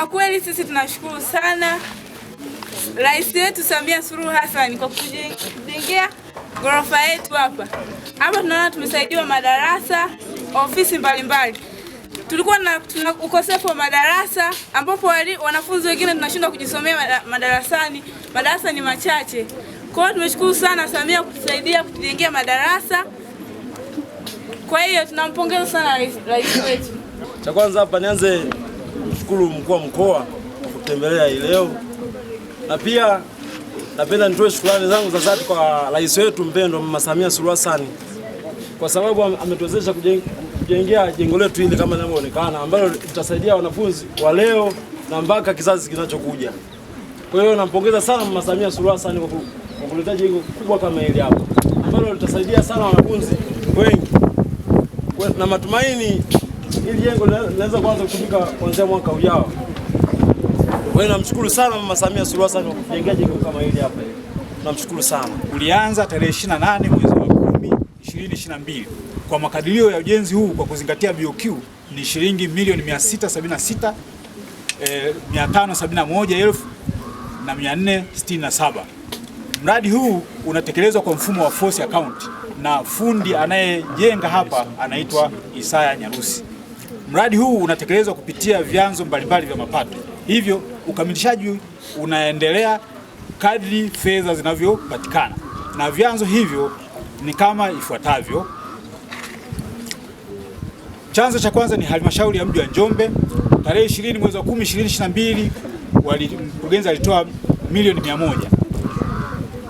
Kwa kweli sisi tunashukuru sana Rais wetu Samia Suluhu Hassan kwa kutujengea ghorofa yetu hapa. Hapa tunaona tumesaidiwa madarasa, ofisi mbalimbali mbali. Tulikuwa na tuna ukosefu wa madarasa ambapo wanafunzi wengine tunashindwa kujisomea madarasani, madarasa ni machache. Kwa hiyo tumeshukuru sana Samia kutusaidia kutujengea madarasa. Kwa hiyo tunampongeza sana rais wetu. Cha kwanza hapa nianze kumshukuru mkuu wa mkoa kwa kutembelea hii leo, na pia napenda nitoe shukrani zangu za dhati kwa rais wetu mpendwa Mama Samia Suluhu Hassan kwa sababu ametuwezesha kujengea jengo letu hili kama linavyoonekana, ambalo litasaidia wanafunzi wa leo na mpaka kizazi kinachokuja. Kwa hiyo nampongeza sana Mama Samia Suluhu Hassan kwa kuleta jengo kubwa kama hili hapa ambalo litasaidia sana wanafunzi wengi na matumaini ili jengo linaweza kuanza kutumika kuanzia mwaka ujao. Wewe namshukuru sana Mama Samia Suluhu Hassan kwa kujengea jengo kama hili hapa Namshukuru sana. Ulianza tarehe 28 mwezi wa 10 2022. Kwa makadirio ya ujenzi huu kwa kuzingatia BOQ ni shilingi milioni 676 eh, elfu na 467. Mradi huu unatekelezwa kwa mfumo wa force account na fundi anayejenga hapa anaitwa Isaya Nyarusi. Mradi huu unatekelezwa kupitia vyanzo mbalimbali vya mapato, hivyo ukamilishaji unaendelea kadri fedha zinavyopatikana, na vyanzo hivyo ni kama ifuatavyo. Chanzo cha kwanza ni halmashauri ya mji wa Njombe. Tarehe 20 mwezi wa 10 2022, mkurugenzi alitoa milioni 100.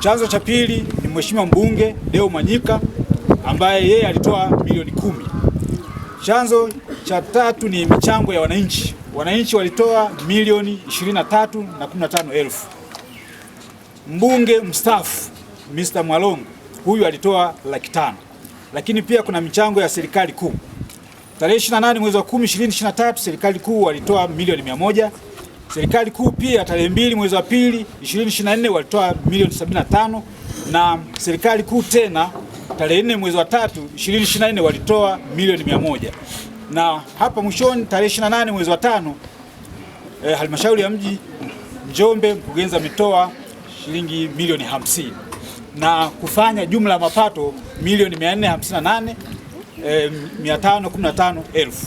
Chanzo cha pili ni mheshimiwa mbunge Deo Mwanyika ambaye yeye alitoa milioni kumi. Chanzo cha tatu ni michango ya wananchi. Wananchi walitoa milioni 23 na 15 elfu. Mbunge mstaafu Mr. Mwalongo huyu alitoa laki tano, lakini pia kuna michango ya serikali kuu. Tarehe 28 mwezi wa 10 2023, serikali kuu walitoa milioni 100. Serikali kuu pia tarehe mbili mwezi wa pili 2024 walitoa milioni 75, na serikali kuu tena tarehe 4 mwezi wa tatu 2024 walitoa milioni 100 na hapa mwishoni tarehe 28 mwezi wa tano e, halmashauri ya mji Njombe mkurugenzi ametoa shilingi milioni 50 na kufanya jumla ya mapato milioni 458 eh, 515 elfu.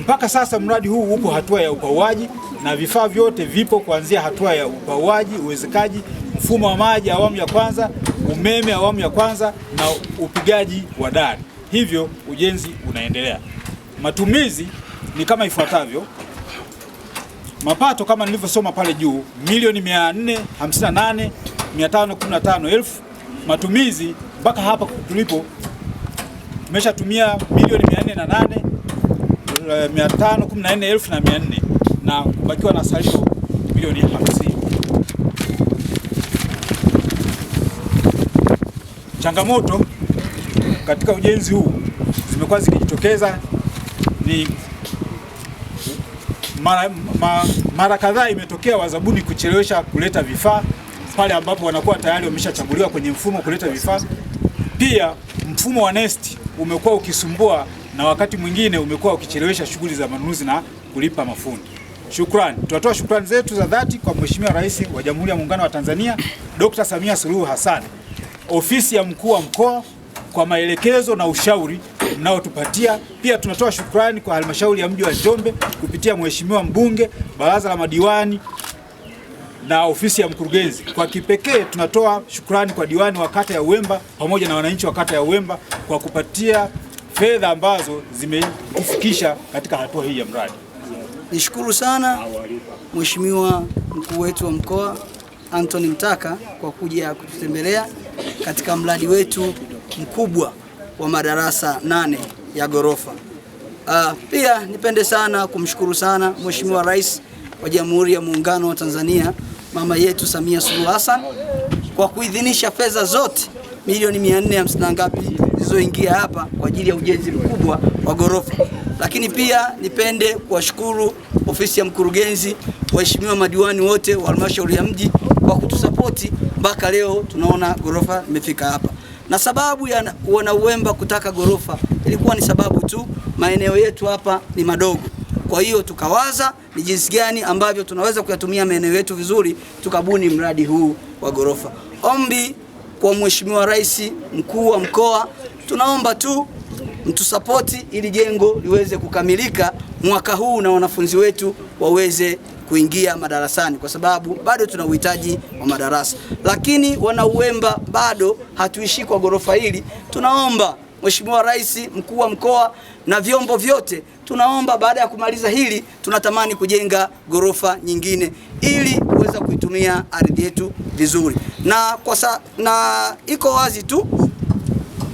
Mpaka sasa mradi huu upo hatua ya upauaji na vifaa vyote vipo kuanzia hatua ya upauaji, uwezekaji, mfumo wa maji awamu ya kwanza, umeme awamu ya kwanza na upigaji wa dari. Hivyo ujenzi unaendelea. Matumizi ni kama ifuatavyo: mapato kama nilivyosoma pale juu milioni 458,515,000. Matumizi mpaka hapa tulipo tumeshatumia milioni 408,514,400 eh, na kubakiwa na salio milioni 50. Changamoto katika ujenzi huu zimekuwa zikijitokeza ni mara, ma, mara kadhaa imetokea wazabuni kuchelewesha kuleta vifaa pale ambapo wanakuwa tayari wameshachaguliwa kwenye mfumo kuleta vifaa. Pia mfumo wa NeST umekuwa ukisumbua na wakati mwingine umekuwa ukichelewesha shughuli za manunuzi na kulipa mafundi. Shukrani, tunatoa shukrani zetu za dhati kwa Mheshimiwa Rais wa Jamhuri ya Muungano wa Tanzania Dr. Samia Suluhu Hassan, ofisi ya mkuu wa mkoa kwa maelekezo na ushauri mnaotupatia. Pia tunatoa shukrani kwa halmashauri ya mji wa Njombe kupitia mheshimiwa mbunge, baraza la madiwani na ofisi ya mkurugenzi. Kwa kipekee tunatoa shukrani kwa diwani wa kata ya Uwemba pamoja na wananchi wa kata ya Uwemba kwa kupatia fedha ambazo zimetufikisha katika hatua hii ya mradi. Nishukuru sana mheshimiwa mkuu wetu wa mkoa Anthony Mtaka kwa kuja kututembelea katika mradi wetu mkubwa wa madarasa nane ya ghorofa. Uh, pia nipende sana kumshukuru sana Mheshimiwa Rais wa Jamhuri ya Muungano wa Tanzania mama yetu Samia Suluhu Hassan kwa kuidhinisha fedha zote milioni 450 na ngapi zilizoingia hapa kwa ajili ya ujenzi mkubwa wa ghorofa. Lakini pia nipende kuwashukuru ofisi ya mkurugenzi, waheshimiwa madiwani wote wa halmashauri ya mji kwa kutusapoti mpaka leo tunaona ghorofa imefika hapa na sababu ya wanauwemba kutaka ghorofa ilikuwa ni sababu tu maeneo yetu hapa ni madogo. Kwa hiyo tukawaza ni jinsi gani ambavyo tunaweza kuyatumia maeneo yetu vizuri, tukabuni mradi huu wa ghorofa. Ombi kwa Mheshimiwa Rais, mkuu wa mkoa, tunaomba tu mtusapoti ili jengo liweze kukamilika mwaka huu na wanafunzi wetu waweze kuingia madarasani, kwa sababu bado tuna uhitaji wa madarasa. Lakini wanauemba bado hatuishi kwa ghorofa hili, tunaomba Mheshimiwa Rais, mkuu wa mkoa na vyombo vyote, tunaomba baada ya kumaliza hili, tunatamani kujenga ghorofa nyingine ili kuweza kuitumia ardhi yetu vizuri, na kwa sa, na iko wazi tu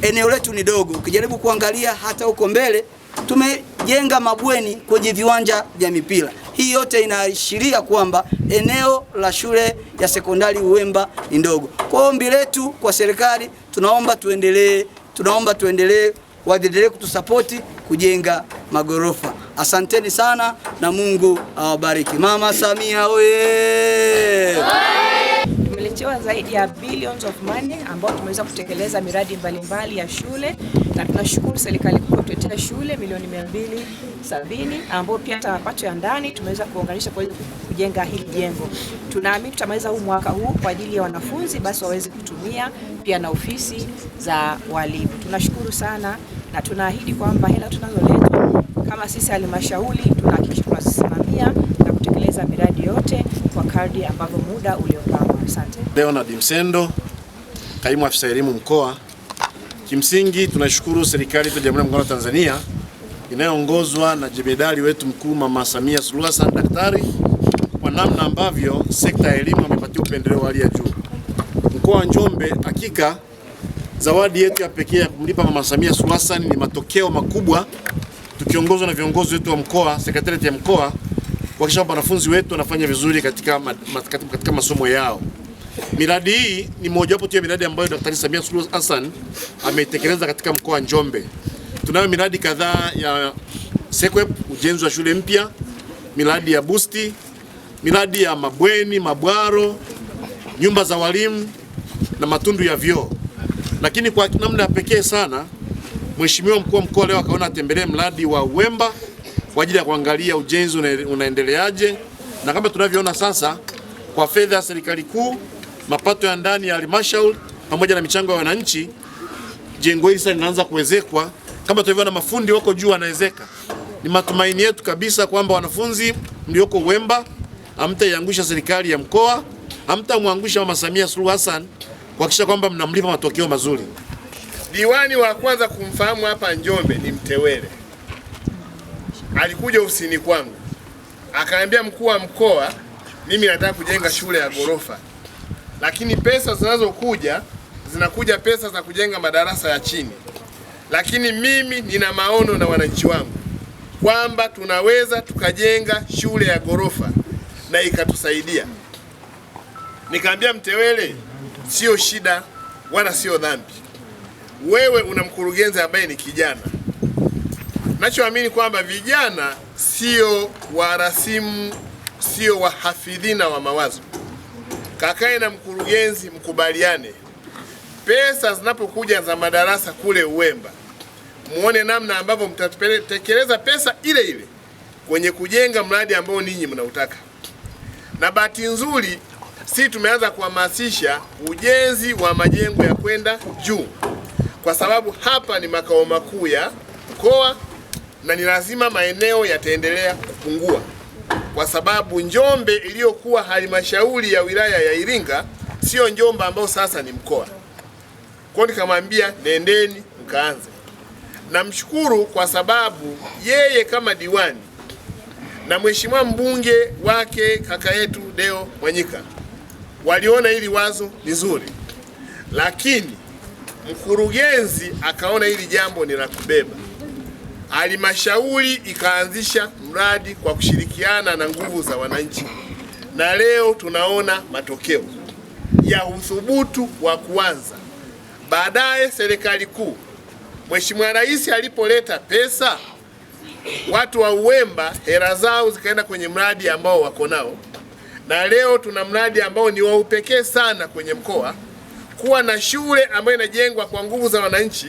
eneo letu ni dogo. Ukijaribu kuangalia hata huko mbele tumejenga mabweni kwenye viwanja vya mipira. Hii yote inaashiria kwamba eneo la shule ya sekondari Uwemba ni ndogo. Kwa ombi letu kwa serikali, tunaomba tuendelee, tunaomba tuendelee, waendelee kutusapoti kujenga magorofa. Asanteni sana na Mungu awabariki. Mama Samia oye! Tumeletewa zaidi ya billions of money ambao tumeweza kutekeleza miradi mbalimbali mbali ya shule na tunashukuru serikali kutuletea shule milioni mia mbili sabini ambayo pia hata mapato ya ndani tumeweza kuunganisha kwa kujenga hili jengo. Tunaamini tutamaliza huu mwaka huu kwa ajili ya wanafunzi basi waweze kutumia pia na ofisi za walimu. Tunashukuru sana na tunaahidi kwamba hela tunazoleta kama sisi halmashauri tunahakikisha tunasimamia na kutekeleza miradi yote kwa kadri ambavyo muda uliopangwa. Asante. Leonard Msendo, kaimu afisa elimu mkoa. Kimsingi tunashukuru serikali ya Jamhuri ya Muungano wa Tanzania inayoongozwa na jemedari wetu mkuu Mama Samia Suluhu Hassan Daktari kwa namna ambavyo sekta ya elimu amepatia upendeleo wa hali ya juu. Mkoa wa Njombe, hakika zawadi yetu ya pekee ya kumlipa Mama Samia Suluhu Hassan ni matokeo makubwa, tukiongozwa na viongozi wetu wa mkoa, sekretarieti ya mkoa kuhakikisha wanafunzi wetu wanafanya vizuri katika, katika masomo yao. Miradi hii ni mojawapo tu ya miradi ambayo Daktari Samia Suluhu Hassan ametekeleza katika mkoa wa Njombe. Tunayo miradi kadhaa ya SEQUIP, ujenzi wa shule mpya, miradi ya busti, miradi ya mabweni, mabwaro, nyumba za walimu na matundu ya vyoo. Lakini kwa namna ya pekee sana Mheshimiwa mkuu wa mkoa leo akaona atembelee mradi wa Uwemba kwa ajili ya kuangalia ujenzi unaendeleaje, na kama tunavyoona sasa kwa fedha ya serikali kuu mapato ya ndani ya halmashauri pamoja na michango ya wananchi, jengo hili sasa linaanza kuwezekwa kama tulivyoona mafundi wako juu wanawezeka. Ni matumaini yetu kabisa kwamba wanafunzi mlioko Uwemba hamtaiangusha serikali ya mkoa, hamtamwangusha Mama Samia Suluhu Hassan kuhakikisha kwamba mnamlipa matokeo mazuri. Diwani wa kwanza kumfahamu hapa Njombe ni Mtewele, alikuja ofisini kwangu akaambia, mkuu wa mkoa, mimi nataka kujenga shule ya ghorofa lakini pesa zinazokuja zinakuja pesa za kujenga madarasa ya chini. Lakini mimi nina maono na wananchi wangu kwamba tunaweza tukajenga shule ya ghorofa na ikatusaidia. Nikaambia Mtewele, sio shida wala sio dhambi. Wewe una mkurugenzi ambaye ni kijana, nachoamini kwamba vijana sio warasimu, sio wahafidhina wa mawazo kakae na mkurugenzi mkubaliane, pesa zinapokuja za madarasa kule Uwemba, muone namna ambavyo mtatekeleza pesa ile ile kwenye kujenga mradi ambao ninyi mnautaka. Na bahati nzuri si tumeanza kuhamasisha ujenzi wa majengo ya kwenda juu, kwa sababu hapa ni makao makuu ya mkoa na ni lazima maeneo yataendelea kupungua kwa sababu Njombe iliyokuwa halmashauri ya wilaya ya Iringa sio Njombe ambayo sasa ni mkoa. Kwa nikamwambia nendeni mkaanze. Namshukuru kwa sababu yeye kama diwani na mheshimiwa mbunge wake kaka yetu Deo Mwanyika waliona hili wazo ni zuri, lakini mkurugenzi akaona hili jambo ni la kubeba. Halmashauri ikaanzisha mradi kwa kushirikiana na nguvu za wananchi, na leo tunaona matokeo ya uthubutu wa kuanza. Baadaye serikali kuu, Mheshimiwa Rais alipoleta pesa, watu wa Uwemba hela zao zikaenda kwenye mradi ambao wako nao, na leo tuna mradi ambao ni wa upekee sana kwenye mkoa, kuwa na shule ambayo inajengwa kwa nguvu za wananchi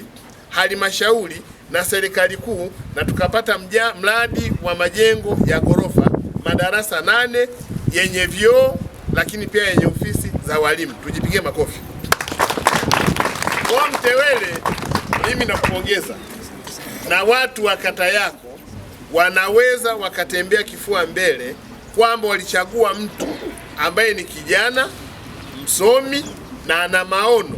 halmashauri na serikali kuu na tukapata mja, mradi wa majengo ya ghorofa madarasa nane yenye vyoo lakini pia yenye ofisi za walimu. Tujipigie makofi. Kwa Mtewele, mimi nakupongeza, na watu wa kata yako wanaweza wakatembea kifua mbele kwamba walichagua mtu ambaye ni kijana msomi na ana maono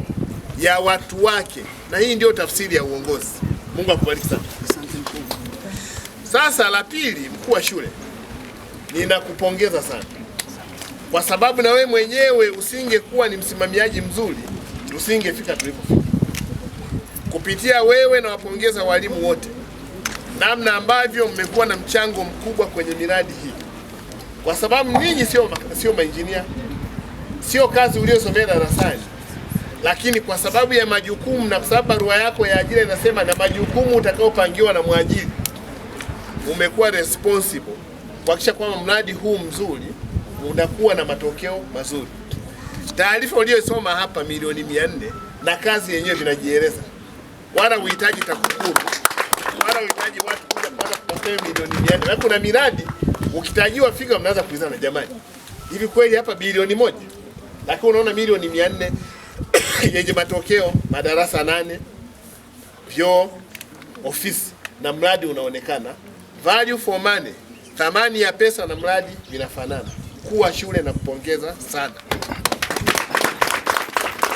ya watu wake, na hii ndiyo tafsiri ya uongozi. Mungu akubariki sana. Sasa la pili, mkuu wa shule, ninakupongeza sana kwa sababu na we mwenyewe usingekuwa ni msimamiaji mzuri usingefika tulipofika. Kupitia wewe nawapongeza walimu wote namna ambavyo mmekuwa na mchango mkubwa kwenye miradi hii, kwa sababu ninyi sio sio mainjinia, sio kazi uliosomea darasani lakini kwa sababu ya majukumu na kwa sababu barua yako ya ajira inasema na majukumu utakaopangiwa na mwajiri, umekuwa responsible kuhakikisha kwamba mradi huu mzuri unakuwa na matokeo mazuri. Taarifa uliyosoma hapa milioni mia nne na kazi yenyewe vinajieleza, wala uhitaji TAKUKURU wala uhitaji watu kuja kupata kupokea milioni mia nne. Kuna miradi ukitajiwa figa mnaanza kuizana, jamani, hivi kweli hapa bilioni moja? Lakini unaona milioni mia nne yenye matokeo madarasa nane, vyoo, ofisi na mradi unaonekana. Value for money, thamani ya pesa na mradi vinafanana. Kuwa shule na kupongeza sana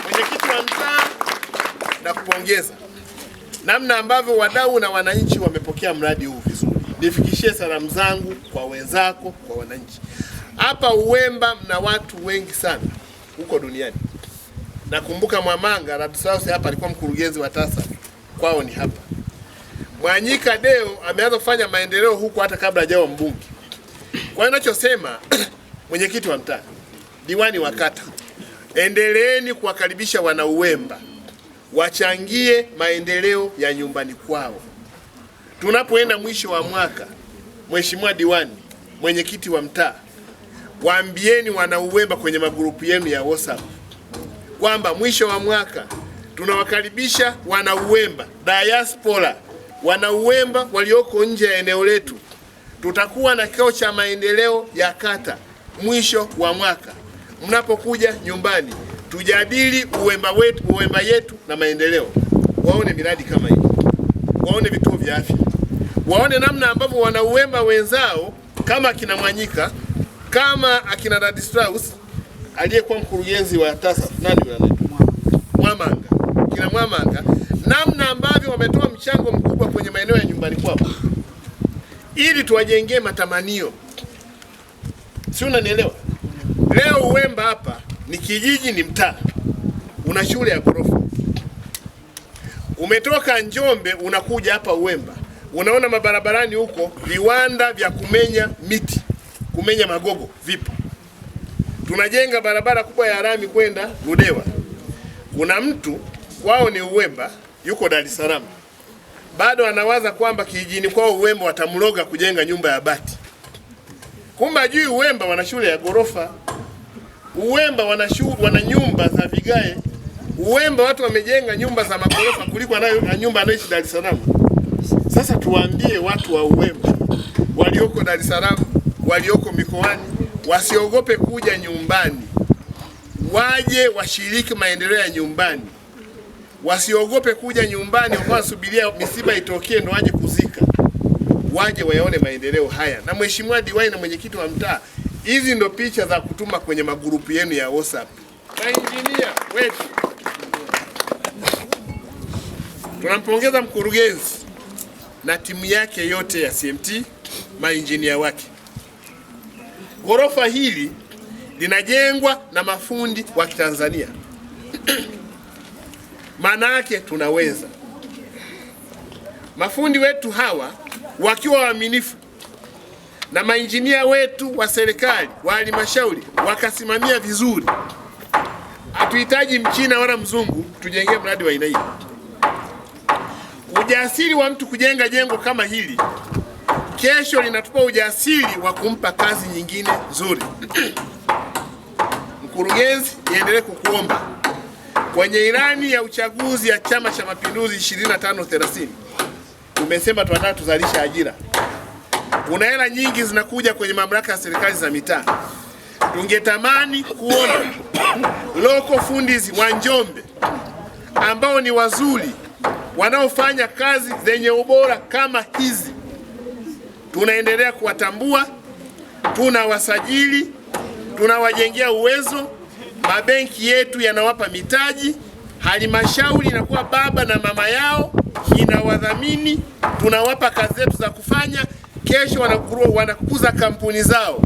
mwenyekiti wa mtaa na kupongeza namna ambavyo wadau na wananchi wamepokea mradi huu vizuri. Nifikishie salamu zangu kwa wenzako, kwa wananchi hapa Uwemba. Mna watu wengi sana huko duniani Nakumbuka Mwamanga Radisausi hapa alikuwa mkurugenzi wa tasa kwao ni hapa. Mwanyika Deo ameanza kufanya maendeleo huku hata kabla hajawa mbunge. Kwa hiyo ninachosema, mwenyekiti wa mtaa, diwani wa kata, endeleeni kuwakaribisha wanauwemba wachangie maendeleo ya nyumbani kwao. Tunapoenda mwisho wa mwaka, mheshimiwa diwani, mwenyekiti wa mtaa, waambieni wanauwemba kwenye magrupu yenu ya WhatsApp kwamba mwisho wa mwaka tunawakaribisha wanauwemba diaspora, wanauwemba walioko nje ya eneo letu. Tutakuwa na kikao cha maendeleo ya kata mwisho wa mwaka, mnapokuja nyumbani tujadili uwemba wetu, uwemba yetu na maendeleo. Waone miradi kama hii, waone vituo vya afya, waone namna ambavyo wanauwemba wenzao kama akina Mwanyika, kama akina Radistraus aliyekuwa mkurugenzi wa TASAF nani yule anaitwa Mwamanga, kina Mwamanga, namna ambavyo wametoa mchango mkubwa kwenye maeneo ya nyumbani kwao ili tuwajengee matamanio, si unanielewa? Leo Uwemba hapa ni kijiji, ni mtaa, una shule ya ghorofa. Umetoka Njombe unakuja hapa Uwemba, unaona mabarabarani huko viwanda vya kumenya miti, kumenya magogo vipo tunajenga barabara kubwa ya rami kwenda Ludewa. Kuna mtu wao ni Uwemba, yuko Dar es Salaam, bado anawaza kwamba kijijini kwao Uwemba watamloga kujenga nyumba ya bati. Kumbe ajui Uwemba wana shule ya ghorofa, Uwemba wana shule, wana nyumba za vigae. Uwemba watu wamejenga nyumba za maghorofa kuliko anayo nyumba anayoishi Dar es Salaam. Sasa tuwaambie watu wa Uwemba walioko Dar es Salaam, walioko mikoani wasiogope kuja nyumbani, waje washiriki maendeleo ya nyumbani, wasiogope kuja nyumbani wakasubiria misiba itokee ndo waje kuzika, waje wayaone maendeleo haya. Na mheshimiwa diwani na mwenyekiti wa mtaa, hizi ndo picha za kutuma kwenye magrupu yenu ya WhatsApp. Mainjinia wetu tunampongeza mkurugenzi na timu yake yote ya CMT, mainjinia wake Ghorofa hili linajengwa na mafundi wa Kitanzania maana yake tunaweza. Mafundi wetu hawa wakiwa waaminifu na mainjinia wetu wa serikali wa halmashauri wakasimamia vizuri, hatuhitaji mchina wala mzungu tujengee mradi wa aina hii. Ujasiri wa mtu kujenga jengo kama hili Kesho linatupa ujasiri wa kumpa kazi nyingine nzuri. Mkurugenzi, niendelee kukuomba kwenye ilani ya uchaguzi ya Chama cha Mapinduzi 25 30 umesema tunataka tuzalisha ajira. Kuna hela nyingi zinakuja kwenye mamlaka ya serikali za mitaa. Tungetamani kuona local fundis wa Njombe ambao ni wazuri wanaofanya kazi zenye ubora kama hizi tunaendelea kuwatambua, tunawasajili, tunawajengea uwezo, mabenki yetu yanawapa mitaji, halmashauri inakuwa baba na mama yao, inawadhamini, tunawapa kazi zetu za kufanya, kesho wanakuwa wanakuza kampuni zao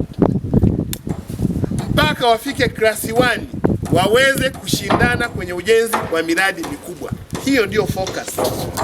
mpaka wafike klasi wani waweze kushindana kwenye ujenzi wa miradi mikubwa. Hiyo ndiyo focus.